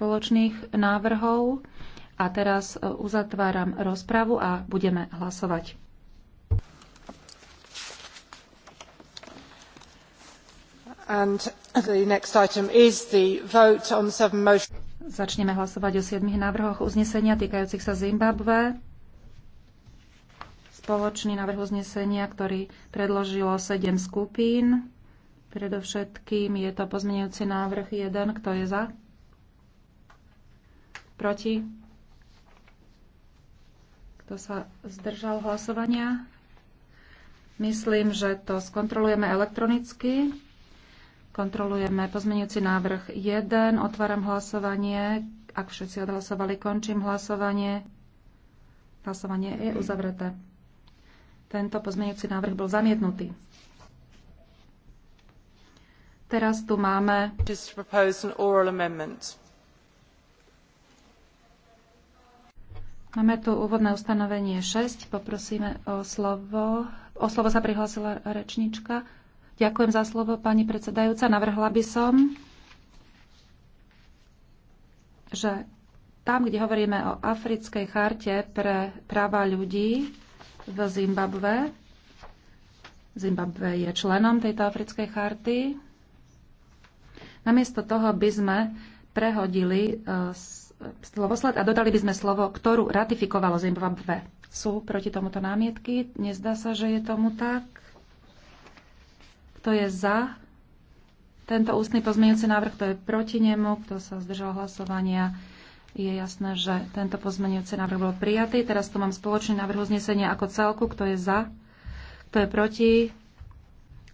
spoločných návrhov. A teraz e, uzatváram rozpravu a budeme hlasovať. And the next item is the vote on seven motion. Začneme hlasovať o siedmých návrhoch uznesenia týkajúcich sa Zimbabve. Spoločný návrh uznesenia, ktorý predložilo sedem skupín. Predovšetkým je to pozmenujúci návrh 1. Kto je za? Proti? Kto sa zdržal hlasovania? Myslím, že to skontrolujeme elektronicky. Kontrolujeme pozmenujúci návrh 1. Otváram hlasovanie. Ak všetci odhlasovali, končím hlasovanie. Hlasovanie je uzavreté. Tento pozmenujúci návrh bol zamietnutý. Teraz tu máme Máme tu úvodné ustanovenie 6. Poprosíme o slovo. O slovo sa prihlásila rečnička. Ďakujem za slovo, pani predsedajúca. Navrhla by som, že tam, kde hovoríme o africkej charte pre práva ľudí v Zimbabve, Zimbabve je členom tejto africkej charty, namiesto toho by sme prehodili e, e, slovosled a dodali by sme slovo, ktorú ratifikovalo Zimbabve. Sú proti tomuto námietky? Nezdá sa, že je tomu tak. Kto je za tento ústny pozmeňujúci návrh, kto je proti nemu, kto sa zdržal hlasovania? Je jasné, že tento pozmeňujúci návrh bol prijatý. Teraz tu mám spoločný návrh uznesenia ako celku. Kto je za? Kto je proti?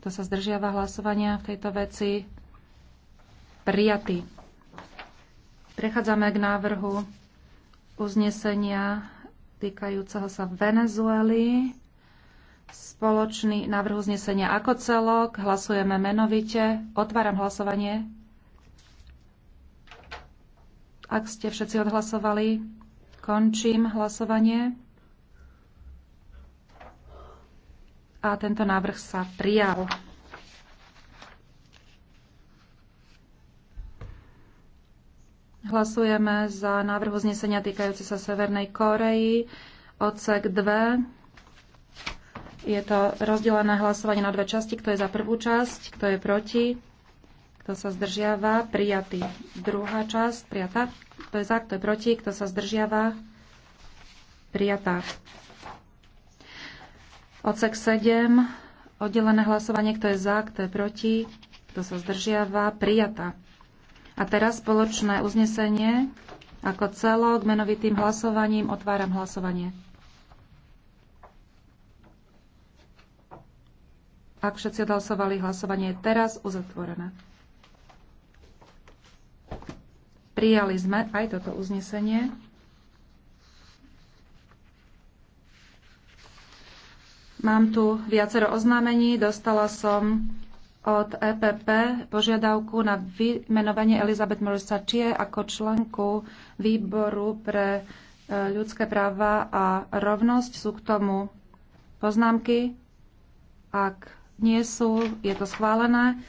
Kto sa zdržiava hlasovania v tejto veci? Prijatý. Prechádzame k návrhu uznesenia týkajúceho sa Venezuely. Spoločný návrh uznesenia ako celok. Hlasujeme menovite. Otváram hlasovanie. Ak ste všetci odhlasovali, končím hlasovanie. A tento návrh sa prijal. Hlasujeme za návrh uznesenia týkajúce sa Severnej Koreji, odsek 2. Je to rozdelené hlasovanie na dve časti. Kto je za prvú časť, kto je proti, kto sa zdržiava, prijatý. Druhá časť, prijatá. Kto je za, kto je proti, kto sa zdržiava, prijatá. Odsek 7. Oddelené hlasovanie, kto je za, kto je proti, kto sa zdržiava, prijatá. A teraz spoločné uznesenie ako celok menovitým hlasovaním. Otváram hlasovanie. Ak všetci odhlasovali, hlasovanie je teraz uzatvorené. Prijali sme aj toto uznesenie. Mám tu viacero oznámení. Dostala som od EPP požiadavku na vymenovanie Elizabeth Morisa Chie ako členku výboru pre e, ľudské práva a rovnosť. Sú k tomu poznámky? Ak nie sú, je to schválené.